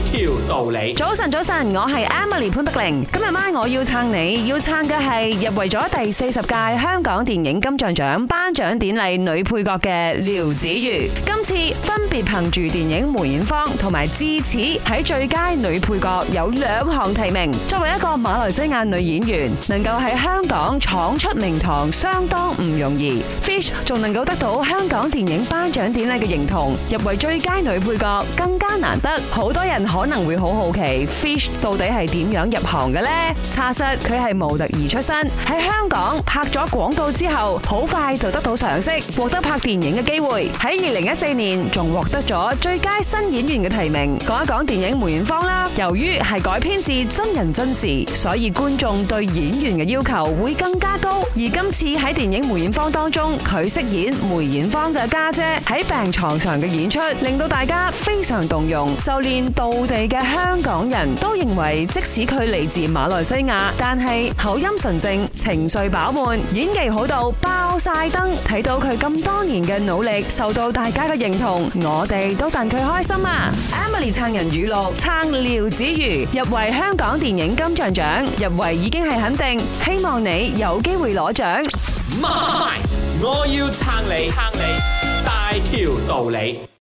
條道理。早晨，早晨，我係 Emily 潘德玲。今日晚我要撐你，要撐嘅係入圍咗第四十屆香港電影金像獎頒獎典禮女配角嘅廖子妤。今次分別憑住電影梅艷芳同埋智齒喺最佳女配角有兩項提名。作為一個馬來西亞女演員，能夠喺香港闖出名堂，相當唔容易。Fish 仲能夠得到香港電影頒獎典禮嘅認同，入圍最佳女配角更加難得。好多人。可能會好好奇，Fish 到底係點樣入行嘅呢？查實佢係模特兒出身，喺香港拍咗廣告之後，好快就得到賞識，獲得拍電影嘅機會。喺二零一四年仲獲得咗最佳新演員嘅提名。講一講電影梅艷芳啦，由於係改編自真人真事，所以觀眾對演員嘅要求會更加高。而今次喺電影梅艷芳當中，佢飾演梅艷芳嘅家姐，姐，喺病床上嘅演出令到大家非常動容，就連各地嘅香港人都認為，即使佢嚟自馬來西亞，但係口音純正，情緒飽滿，演技好到爆晒燈。睇到佢咁多年嘅努力受到大家嘅認同，我哋都戥佢開心啊！Emily 撐人語錄，撐廖子瑜入圍香港電影金像獎，入圍已經係肯定，希望你有機會攞獎。媽咪，我要撐你，撐你大條道理。